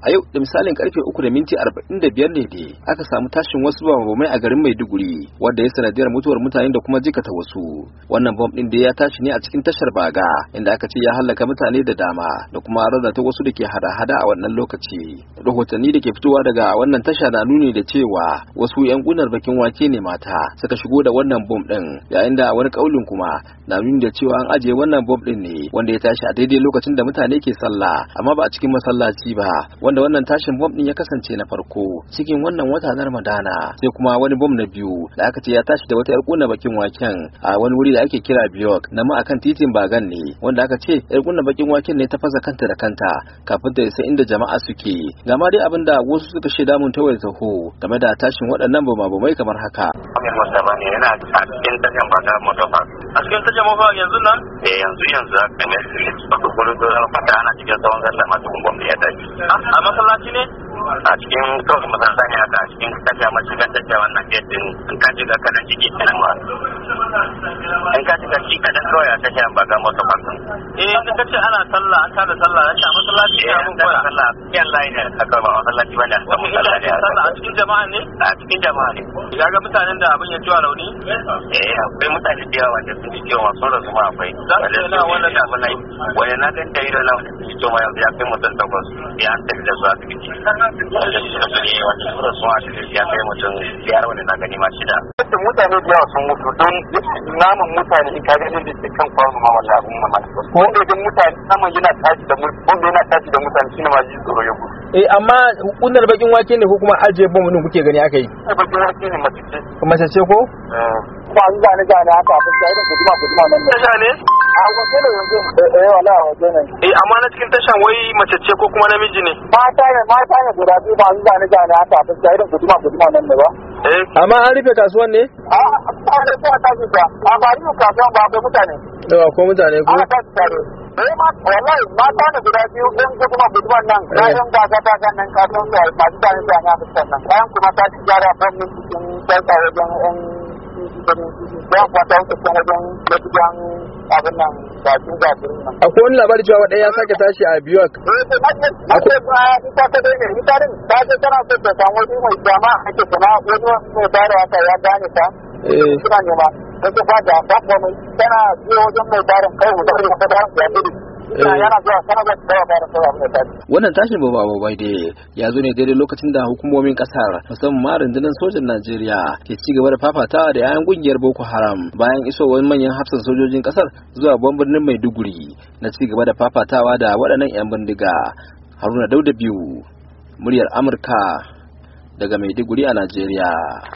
a yau da misalin karfe uku da minti arba'in da biyar ne da aka samu tashin wasu bambamai a garin maiduguri wadda ya sanadiyar mutuwar mutane da kuma jikata wasu wannan bom din da ya tashi ne a cikin tashar baga inda aka ce ya halaka mutane da dama da kuma ta wasu da ke hada-hada a wannan lokaci rahotanni da ke fitowa daga wannan tasha na nuni da cewa wasu yan gunar bakin wake ne mata suka shigo da wannan bom din yayin da a wani kaulin kuma na nuni da cewa an ajiye wannan bom din ne wanda ya tashi a daidai lokacin da mutane ke sallah amma ba a cikin masallaci ba wanda wannan tashin bom din ya kasance na farko cikin wannan wata na Ramadana sai kuma wani bom na biyu da aka ce ya tashi da wata yar bakin waken a wani wuri da ake kira Biyok na ma akan titin Bagan ne wanda aka ce yar bakin waken ne ta fasa kanta da kanta kafin da isa inda jama'a suke ga ma dai abinda wasu suka shaida mun ta wayar taho game da tashin waɗannan mai kamar haka. cikin ba ta Mustapha. A yanzu nan? Eh yanzu yanzu a kan ne. Ba ku gudu da ana cikin tsawon sallah masu tukun gwamnati ya tashi. a masallaci ne a cikin kawai masarauta ne haka a cikin masu mashigar da wannan gate in ka shiga kanan ciki kenan ba in ka shiga shi kanan kawai a tasha ba ga mota parkin eh da kace ana sallah an sallah an ta masallaci ne abun koya sallah yan layi ne aka ba masallaci a cikin sallah a cikin jama'a ne a cikin jama'a ne ya ga mutanen da abin ya ciwa rauni eh akwai mutane da yawa da sun ciwo masu rasu ma akwai zan na wannan da abin nan wani na dan da ido na wani ciwo ma ya kai mutum takwas ya an tafi da a asibiti wajen suka gani wanda suka sun a cikin ya biyar wani na gani da. mutane da sun mutu don mutane in kwanu ma abun da mutane naman yana tashi da mutane yana tashi da mutane shi ne ma ji tsoro ya gudu. Eh amma kunnar bakin wake ne ko kuma ajiye bom din kuke gani aka yi? Bakin wake ne mace ce. Mace ce ko? Ba eh, ni zane zane haka a fuska idan kuduma kuduma nan. Ya a eh a waje amma na cikin tashan wai mace ce ko kuma namiji ne mata ne mata ne guda biyu ba su zane zane haka ba sai irin guduma guduma nan ne ba eh amma an rufe kasuwan ne a a da ta ta zuwa a ba ni kasuwan ba ba mutane eh ko mutane ko a ta tsare eh ma wallahi mata ne guda biyu din guduma guduma nan kayan gaga ta ga nan kasuwan da ba su zane zane haka sannan kayan kuma ta ci gyara ban cikin tsare wajen yan ba kwata wajen wajen abin nan bakin bakin nan. Akwai wani labari cewa ɗaya ya sake tashi a Biyok. Akwai ba ita ta dai gari ta din ta ce tana so ta samu wani mai jama ake kuma wani mai bayar wata ya gane ta. Eh. ba kuma tana biyo wajen mai kai hoton da ta da ya Wannan tashin ba ba dai ya zo ne daidai lokacin da hukumomin kasar musamman ma rundunar sojan Najeriya ke ci gaba da fafatawa da yayan kungiyar Boko Haram bayan isowar manyan hafsan sojojin kasar zuwa babban birnin Maiduguri na ci gaba da fafatawa da waɗannan 'yan bindiga. Haruna Dauda biyu muryar Amurka daga Maiduguri a Najeriya.